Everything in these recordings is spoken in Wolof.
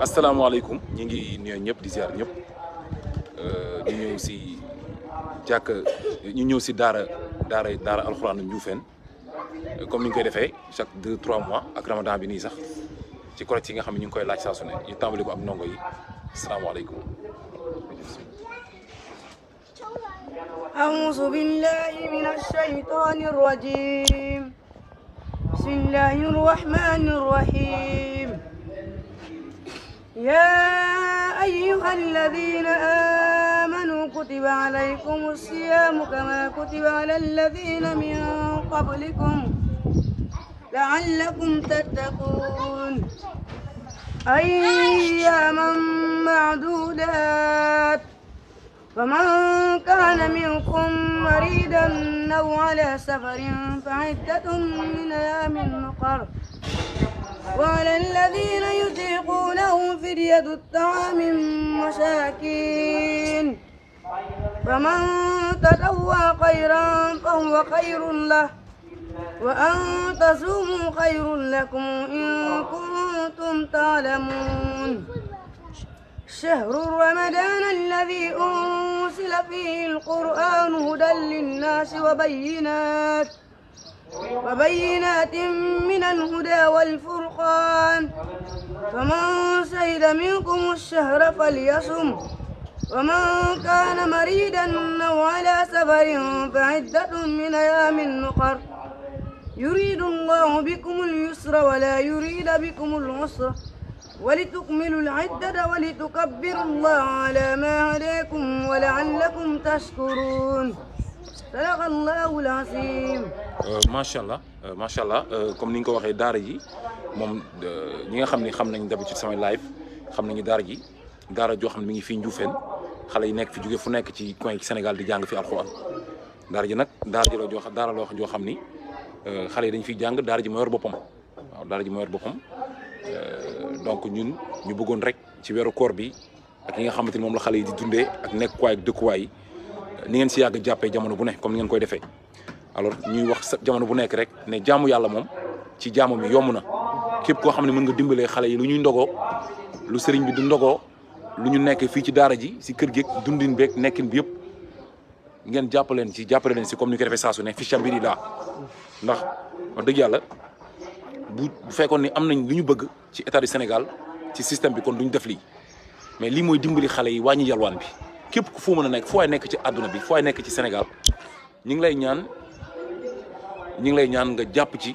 Assalamualaikum. ñi ngi nuyu ñep di ziar ñep euh ñëw si jàkk ñu ñëw si daara daara daara alxuraanu Njuufeen comme ni ñu koy defee chaque 2 3 mois ak ramadan bi ni sax ci collecte yi nga xamni ñu koy laaj sa suné yu tambali ko ak nongo yi assalamualaikum أعوذ billahi minash الشيطان rajim Bismillahir rahmanir rahim يا أيها الذين آمنوا كتب عليكم الصيام كما كتب على الذين من قبلكم لعلكم تتقون أياما معدودات فمن كان منكم مريدا أو على سفر فعدة من أيام أخر وعلى الذين يد الطعام مساكين فمن تسوى خيرا فهو خير له وأن تصوموا خير لكم إن كنتم تعلمون شهر رمضان الذي أنزل فيه القرآن هدى للناس وبينات وبينات من الهدى والفرقان فمن سهل منكم الشهر فليصم ومن كان مريدا أو على سفر فعدة من أيام النقر يريد الله بكم اليسر ولا يريد بكم العسر ولتكملوا العدة ولتكبروا الله على ما هداكم ولعلكم تشكرون صدق الله العظيم ما شاء الله ما شاء الله كم نينكو واخي دار mom euh, ñi nga xam ne xam nañ d'habitude samay live xam nañu dara gi dara jo xamni mi ngi fi Ndioufène xalé yi nek fi jóge fu nek ci coin ci Sénégal di jang fi alcorane dara ji nak dara ji lo jo dara lo jo xamni ni euh, xale yi dañ fi jang dara ji mo yor bopam waaw daara ji mo yor boppam euh, donc ñun ñu bëggoon rek ci wéru koor bi ak yi nga xamante mom la xalé yi di dundé ak nek nekkuwaay ak dëkkuwaay yi ni ngeen ci yag jappé jamono bu nek comme ni ngeen koy défé alors ñuy wax jamono bu nek rek né jaamu yalla mom ci jaamu mi yomuna képp koo xam ne mën nga dimbalee xale yi lu ñuy ndogoo lu sëriñ bi du ndogoo lu ñu nekk fii ci daara ji si kër geeg dundin beeg nekkin bi yëpp ngeen jàppaleen ci jàppale leen si comme ni ko defee saa su ne fi chambi di laa ndax dëgg yàlla bu fekkoon ni am nañ lu ñu bëgg ci état du Sénégal ci système bi kon duñ def lii mais lii mooy dimbali xale yi wàññi yalwaan bi képp ku foo mën a nekk foo ay nekk ci àdduna bi foo ay nekk ci senegal ñu ngi lay ñaan ñu ngi lay ñaan nga jàpp ci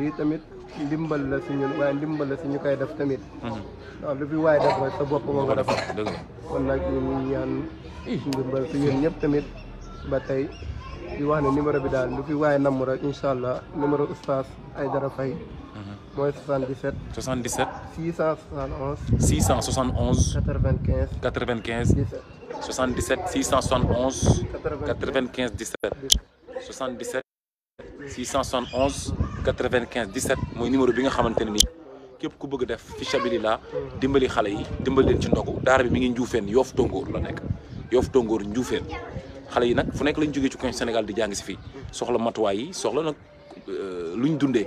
lii tamit ndimbal la si ñun waaye ndimbal la si ñu koy def tamit. waaw lu fi waay def rek sa bopp moo ko def. dëgg la kon nag ñu ñaan ndimbal si ñun ñëpp tamit ba tey di wax ne numéro bi daal lu fi waay namm rek incha allah numéro oustaz Aidara Faye. Mhm. mooy 77. 77. 671. 671. 95. 95. 77 671. 95 17. 77. 671. 95 17 mooy numéro bi nga xamante ne nii képp ku bëgg def fi sabilillah dimbali xale yi dimbali leen ci ndogu daara bi mi ngi njuufeen yoof tongoor la nekk yoof tongoor njuufeen xale yi nag fu nekk lañ jógee ci coin Sénégal di jàng si fii soxla matuwaay yi soxla nag euh, lu ñu dundee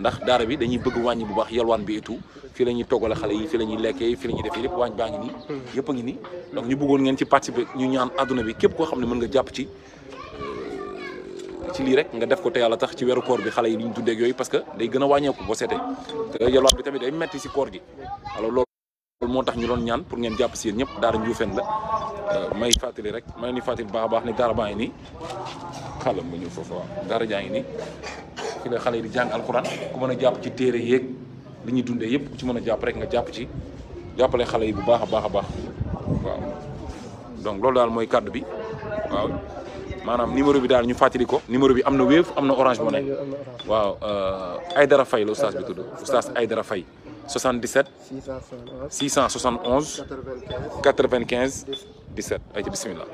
ndax daara bi dañuy bëgg wàññi bu baax yalwaan bi et tout fii la ñuy toggale xale yi fii la ñuy lekkee fii la ñuy defee lépp wàññ baa ngi nii yëpp ngi nii donc ñu bëggoon ngeen ci participer ñu ñaan àdduna bi képp koo xam ne mën nga jàpp ci ci lii rek nga def ko te yàlla tax ci weeru koor bi xale yi li ñu dundee ak yooyu parce que day gën a wàññeeku boo seetee te yalwaan bi tamit day metti si koor gi alors moo tax ñu doon ñaan pour ngeen jàpp si yéen ñëpp daara Njuufeen la euh, may fàttali rek ma leen di fàttali baax a baax ni daara baa ngi nii xalam ma ñu foofu waaw jaa ngi nii fi xale yi di jàng alxuraan ku mën a jàpp ci téere yéeg li ñuy dundee yëpp ku ci mën a jàpp rek nga jàpp ci jàppale xale yi bu baax a baax a baax waaw donc loolu daal mooy kàddu bi waaw maanaam numéro bi daal ñu fàttali ko numéro bi am na Wave am na Orange Money waaw euh, Aydara Faye la oustaz bi tudd oustaz Aydara Faye 77 671 95 17 ay ci bismillah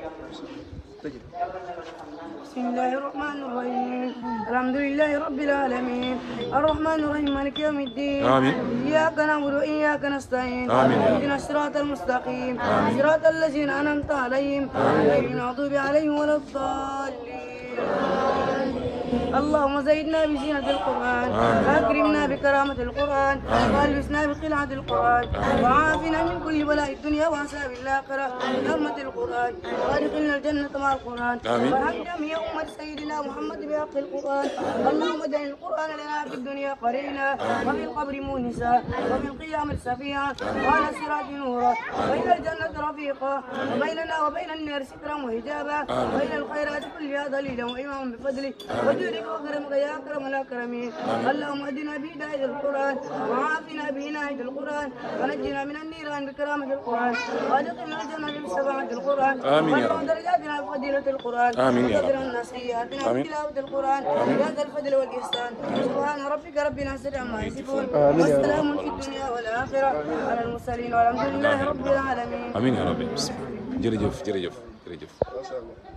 بسم الله الرحمن الرحيم الحمد لله رب العالمين الرحمن الرحيم مالك يوم الدين آمين إياك نعبد وإياك نستعين آمين اهدنا الصراط المستقيم آمين صراط الذين أنعمت عليهم غير المغضوب عليهم ولا الضالين اللهم زيدنا بزينة القرآن وأكرمنا بكرامة القرآن وألبسنا بقلعة القرآن وعافنا من كل بلاء الدنيا وعذاب الآخرة بكرامة القرآن وأدخلنا الجنة مع القرآن آمين جميع أمة سيدنا محمد بحق القرآن اللهم دعنا القرآن لنا في الدنيا قرينا وفي القبر مونسا وفي القيامة سفيها وعلى سراج نورا وإلى الجنة رفيقا وبيننا وبين النار سترا وحجابا وإلى الخيرات كلها دليلا وإمام بفضله وجودك وكرم يا اكرم الاكرمين اللهم اهدنا بهدايه القران وعافنا بعنايه القران ونجنا من النيران بكرامه القران وادخلنا الجنه بسبعه القران امين يا رب درجاتنا بفضيله القران امين يا رب عنا سيئاتنا بتلاوه القران يا ذا الفضل والاحسان سبحان ربك ربنا سر عما يصفون وسلام في الدنيا والاخره على المرسلين والحمد لله رب العالمين امين يا رب جرجف جرجف جرجف